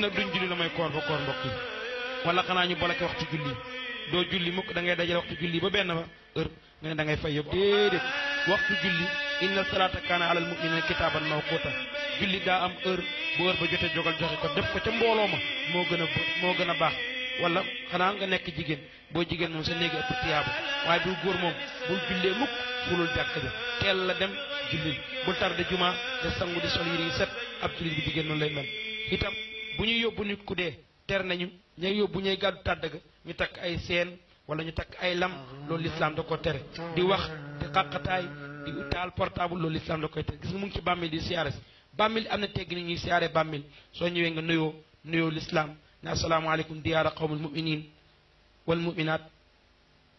Speaker 1: nag duñ julli la mooy koor ba koor mbokk yi wala xanaa ñu boloke waxtu julli doo julli mukk dangay ngay dajale waxtu julli ba benn ba heure nga ne da ngay fay yóbbu déedéet waxtu julli inna salaata kaana alal mu'miniina kitaaban mawquuta julli daa am heure bu heure ba jotee jogal joxe ko def ko ca mbooloo ma moo gën a moo gën a baax wala xanaa nga nekk jigéen boo jigéen moom sa néegi ëpp tiyaaba waaye du góor moom bul jullee mukk fulul jàkk ja teel la dem julli bul tarde juma te sangu di sol yi set ab jullit bi lay mel itam bu ñuy yóbbu nit ku dee ter nañu ñay yóbbu ñay gàddu tàdd ga ñu takk ay seen wala ñu takk ay lam loolu lislaam da ko tere di wax di xàqataay di taal portable loolu lislaam da koy tere gis nga mu ngi ci bàmmil di siyaare si bàmmil am na tegg ni ñuy siyaare bàmmil soo ñëwee nga nuyoo nuyoo lislaam ne asalaamaaleykum al qawmul muminin wal muminat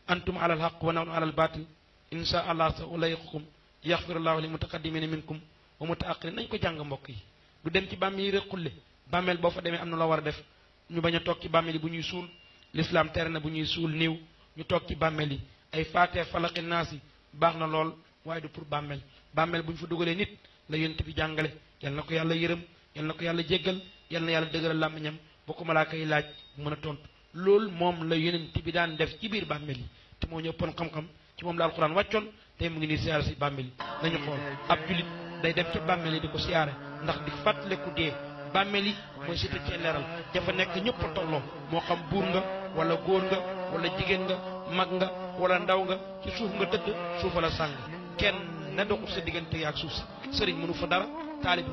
Speaker 1: antum ala alhaq wa nahnu ala albatil insha allah sa ulayiqukum yaxfiru llahu li mutaqaddimina minkum wa mutaaxirin nañ ko jàng mbokk yi du dem ci bàmmeel yi rek xulle bàmmeel boo fa demee am na loo war a def ñu bañ a toog ci bàmmeel yi bu ñuy suul lislaam tere na bu ñuy suul néew ñu toog ci bàmmeel yi ay faatee falaqi naas yi baax na lool waaye du pour bàmmeel bàmmeel bu ñu fa dugalee ni la bi jàngale yal na ko yàlla yërëm yal na yàlla jéggal yal yàlla dëgëral làmmiñam bu ko malaaka yi laaj mën a tontu loolu moom la yonent bi daan def ci biir bàmmeel yi te moo ñëppoon xam-xam ci moom la alxuraan wàccoon tey mu ngi nii siyaare si bàmmeel yi nañu xool ab julit day dem ca bàmmeel yi di ko siyaare ndax di fàttaliku dee bàmmeel yi mooy si tëj leeral dafa nekk ñëpp a tolloo moo xam buur nga wala góor nga wala jigéen nga mag nga wala ndaw nga ci suuf nga tëdd suufa la sàng kenn na doxul sa diggante ak suuf si sëriñ mënu fa dara taalib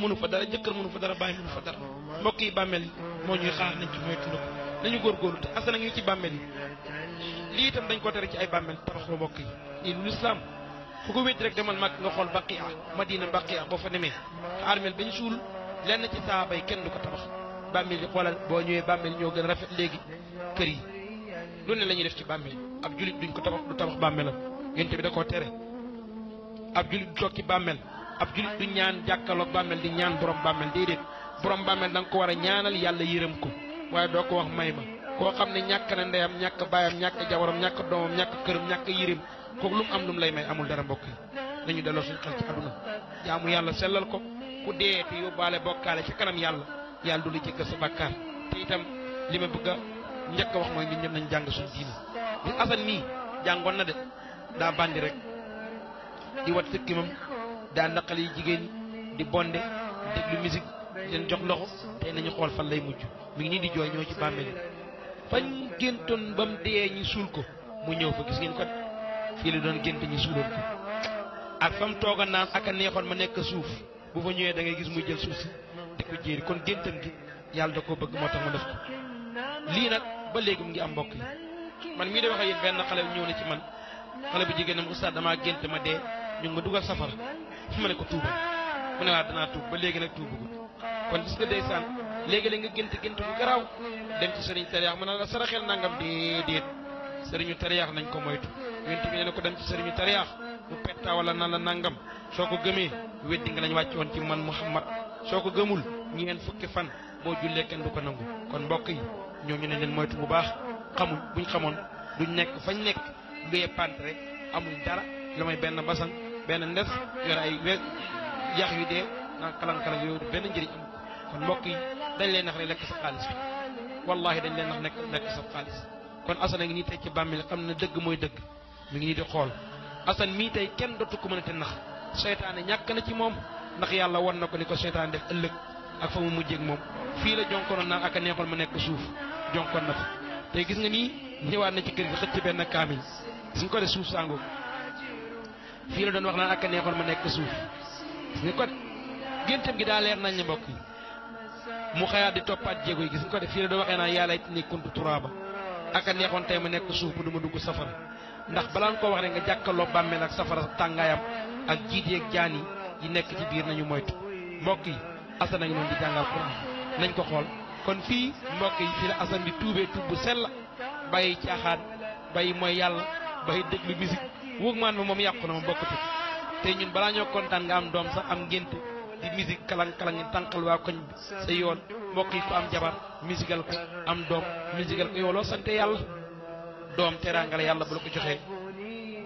Speaker 1: mënu fa dara jëkkër mënu fa dara bàyyi mënu fa dara mbokk yi bàmmeel yi moo ñuy xaar nañ ci mooy tund ko nañu góorgóorlu te asana ngi ci bàmmeel yi lii itam dañ ko tere ci ay bàmmeel tabax yi lii lu lislaam ko wéet rek demal mag xool baqi a madina baqi a boo fa demee te armeel bañ suul lenn ci saaba kenn du ko tabax bàmmeel boo ñëwee bàmmeel ñoo gën rafet léegi kër yi lu ne def ci bàmmeel ab julit duñ ko tabax du tabax koo tere ab julit du toog bàmmeel ab julit du ñaan jàkkaloog bàmmeel di ñaan boroom bàmmeel déedéet borom bàmmeel da ko war a ñaanal yàlla yërëm ko waaye doo ko wax may ma koo xam ne ñàkk na ndeyam ñàkk baayam ñàkk jabaram ñàkk doomam ñàkk këram ñàkk yërëm kooku lu mu am lu mu lay may amul dara mbokk yi nañu delloo suñu xel ci aduna jaamu yàlla sellal ko ku dee te yóbbaale bokkaale ci kanam yàlla yàlla du la jéggal sa bàkkaar te itam li ma bëgg a njëkk a wax mooy ñun ñëpp na de daa bandi daan xale yi jigéen di bonde di déglu musique jox loxo tey nañu xool fan lay mujj mi ngi nii di jooy ñoo ci bàmmeel fañ géntoon ba mu dee ñu suul ko mu ñëw fa gis ngeen ko fii la doon gént ñu suuloon ko ak fa mu tooga naan ak a neexoon ma nekk suuf bu fa ñëwee da ngay gis muy jël suuf si di ko jéeri kon géntam gi yàlla da koo bëgg moo tax mu def ko lii nag ba léegi mu ngi am mbokk yi man mii de wax ak benn xale ñëw na ci man xale bu jigéen ñi mu ustaas gént ma dee ñu ngi dugal safara ma ne ko tuubal mu ne waa danaa tuub ba léegi nag tuubagul kon gis nga ndeysaan léegi-léeg nga gént gént bu garaaw dem ci sëriñ tariyaax mu ne la saraxel nangam déedéet sëriñu tariyaax nañ ko moytu yonent bi ne na ko dem ci sëriñu tariyaax mu petta wala nan la nangam soo ko gëmee weddi nga lañ wàccoon ci man Muhammad soo ko gëmul ñeent fukki fan boo jullee kenn du ko nangu kon mbokk yi ñooñu ne leen moytu bu baax xamul buñ xamoon duñ nekk fañ nekk luyee pant rek amuñ dara lu may benn basan benn ndef yor ay we yax yu dee naan kalan-kalan yooyu benn njëriñ kon mbokk yi dañ leen nax ne lekk sa xaalis wallahi dañ leen nax nekk lekk sa xaalis kon Assane a ngi nii tey ci bàmmeel xam ne dëgg mooy dëgg mu ngi nii di xool Assane mii tey kenn dootu ko mënate nax seytaane ñàkk na ci moom ndax yàlla war na ko ni ko seytaane def ëllëg ak fa mu mujjeeg moom fii la jonkonoon naan ak a neexoon ma nekk suuf jonkoon na fa te gis nga nii ñëwaat na ci kër gi xëcc benn kaamil ko de sàngoo fii la doon wax naan ak a neexoon ma nekk suuf gis nga ko de géntam gi daa leer nañ ne mbokk yi mu xayaat di toppaat jéego yi gis nga ko de fii la doon waxee naa yàlla it ni kuntu turaaba ak a neexoon tey ma nekk suuf bu du ma dugg safara ndax balaan nga ko wax rek nga jàkkaloo bàmmeel ak safara tàngaayam ak jiit yeeg jaan yi yi nekk ci biir nañu moytu mbokk yi asan a ngi noonu di jàngal quran nañ ko xool kon fii mbokk yi fii la asan di tuubee tuub bu sell bàyyi mooy yàlla bàyyi wóogmaan bi moom yàqu na ma bokkatu tey ñun balaa ñoo kontaan nga am doom sax am ngénte di musique kalang kalang tànqal waa koñ bi sa yoon mbokk yi ko am jabar musical ko am doom musical ko yow loo sante yàlla doom teraanga yàlla bu la ko joxee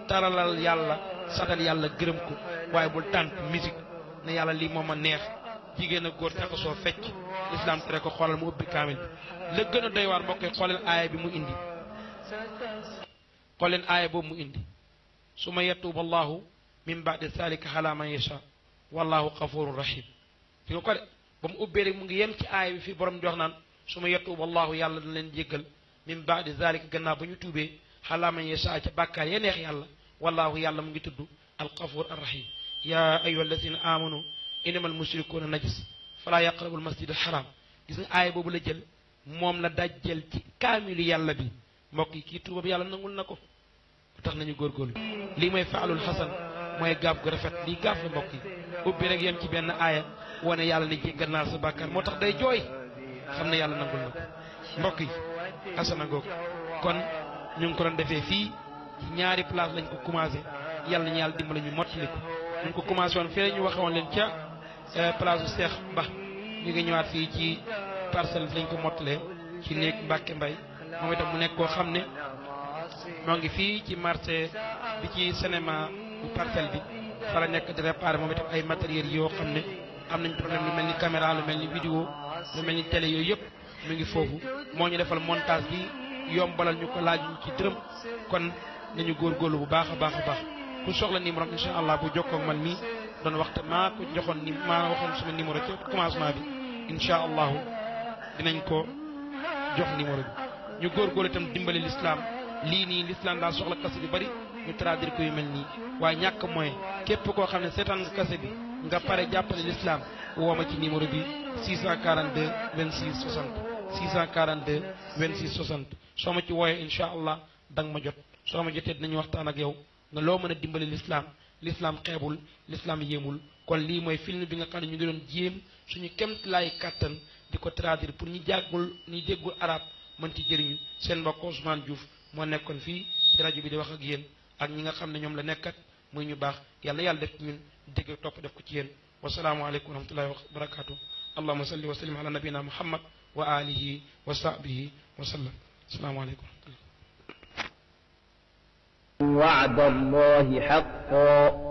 Speaker 1: taralal yàlla satal yàlla gërëm ko waaye bul tànt musique ne yàlla li moom a neex jigéen ak góor takk fecc islam tere ko xoolal mu ubbi kaamil bi la gën a doy waar mbokk yi aaya bi mu indi xooleen aaya boobu mu indi su ma yatuuba allahu min baadi zalika ala man yasha wallahu gafurun rahim fi nga ko de ba mu ngi yem ci aaya bi fii borom di wax naan suma yatuuba allahu yàlla dana leen jéggal min baadi zalika gannaaw bu ñu tuubee ala man yasha ca bàkkaar ya neex yàlla wallahu yàlla mu ngi tudd algafur arrahim ya ayuha alladina amanu inama almushrikuuna najis falaa yaqrabu almasjid alxaram gis nga aaya boobu la jël moom la dajjal ci kaamilu yàlla bi mbokk yi kii tuubam yàlla nangul na ko tax nañu góorgóorlu lii mooy faalul xasan mooy gaaf gu rafet lii gaaf la mbokk yi ubbi rek yem ci benn aaya wane yàlla ne jéggal naa sa bàkkaar moo tax day jooy xam ne yàlla nangul na ko mbokk yi xasana ngoog kon ñu ngi ko doon defee fii ñaari place lañ ko commencé yàlla ñu yàlla dimbali ñu mottali ko ñu ngi ko commencé woon fii ñu waxe woon leen ca euh, place su Seex Ba ñu ngi ñëwaat fii ci parcelle bi lañ ko mottalee ci néeg Mbàkke Mbay moom itam mu nekk koo xam ne moo ngi fii ci marché bi ci cinéma bu parcelle bi fa nekk di réparé moom itam ay matériel yoo xam ne am nañ problème lu mel ni caméra lu mel ni vidéo lu mel ni télé yooyu yëpp mu ngi foofu moo ñu defal montage bi yombalal ñu ko laaj ñu ci dërëm kon nañu góor góorlu bu baax a baax a baax ku soxla numéro am incha allah bu jokkoo man mi doon waxta maa ko joxoon ni maa waxoon sama numéro ci commencement bi incha allahu dinañ ko jox numéro bi ñu góorgóorlu itam dimbali lislaam lii nii l'islam daa soxla kase bi bari ñu traduire ko mel nii waaye ñàkk mooy képp koo xam ne seetaan nga kase bi nga pare jàppale l'islam woo ma ci numéro bi 642 26 60 642 26 60 soo ma ci wooyee incha allah dang ma jot soo ma jotee dinañu waxtaan ak yow nga loo mën a dimbali l'islam l'islam xeebul l'islam yéemul kon lii mooy film bi nga xam ne ñu ngi doon jéem suñu kemt laay kàttan di ko traduire pour ñu jàggul ñu déggul arab mën ci jëriñu seen mbokk Ousmane Diouf moo nekkoon fii ci rajo bi di wax ak yéen ak ñi nga xam ne ñoom la nekkat muy ñu baax yàlla yàlla def ñun dégg topp def ko ci yéen wasalaamualeykum wa rahmatullahi wa barakaatu allahuma salli wa sallim ala nabina muhammad wa alihi wa sahbihi wa sallam asalaamaaleykum wa rahmatullah
Speaker 2: وعد الله حقا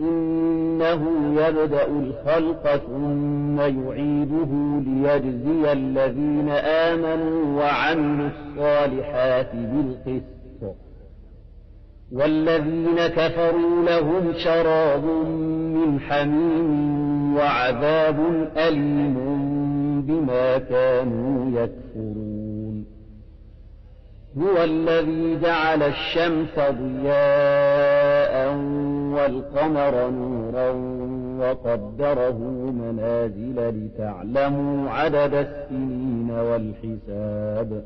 Speaker 2: إنه يبدأ الخلق ثم يعيده ليجزي الذين آمنوا وعملوا الصالحات بالقسط والذين كفروا لهم شراب من حميم وعذاب أليم بما كانوا يكفرون هو الذي جعل الشمس ضياءً والقمر نورا وقدره منازل لتعلموا عدد السنين والحساب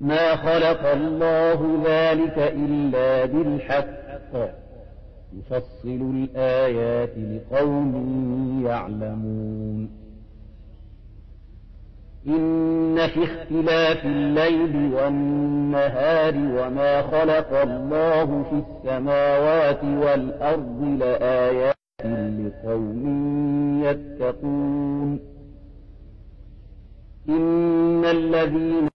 Speaker 2: ما خلق الله ذلك إلا بالحق يفصل الآيات لقوم يعلمون إن في اختلاف الليل والنهار وما خلق الله في السماوات والأرض لآيات لقوم يتقون إن الذين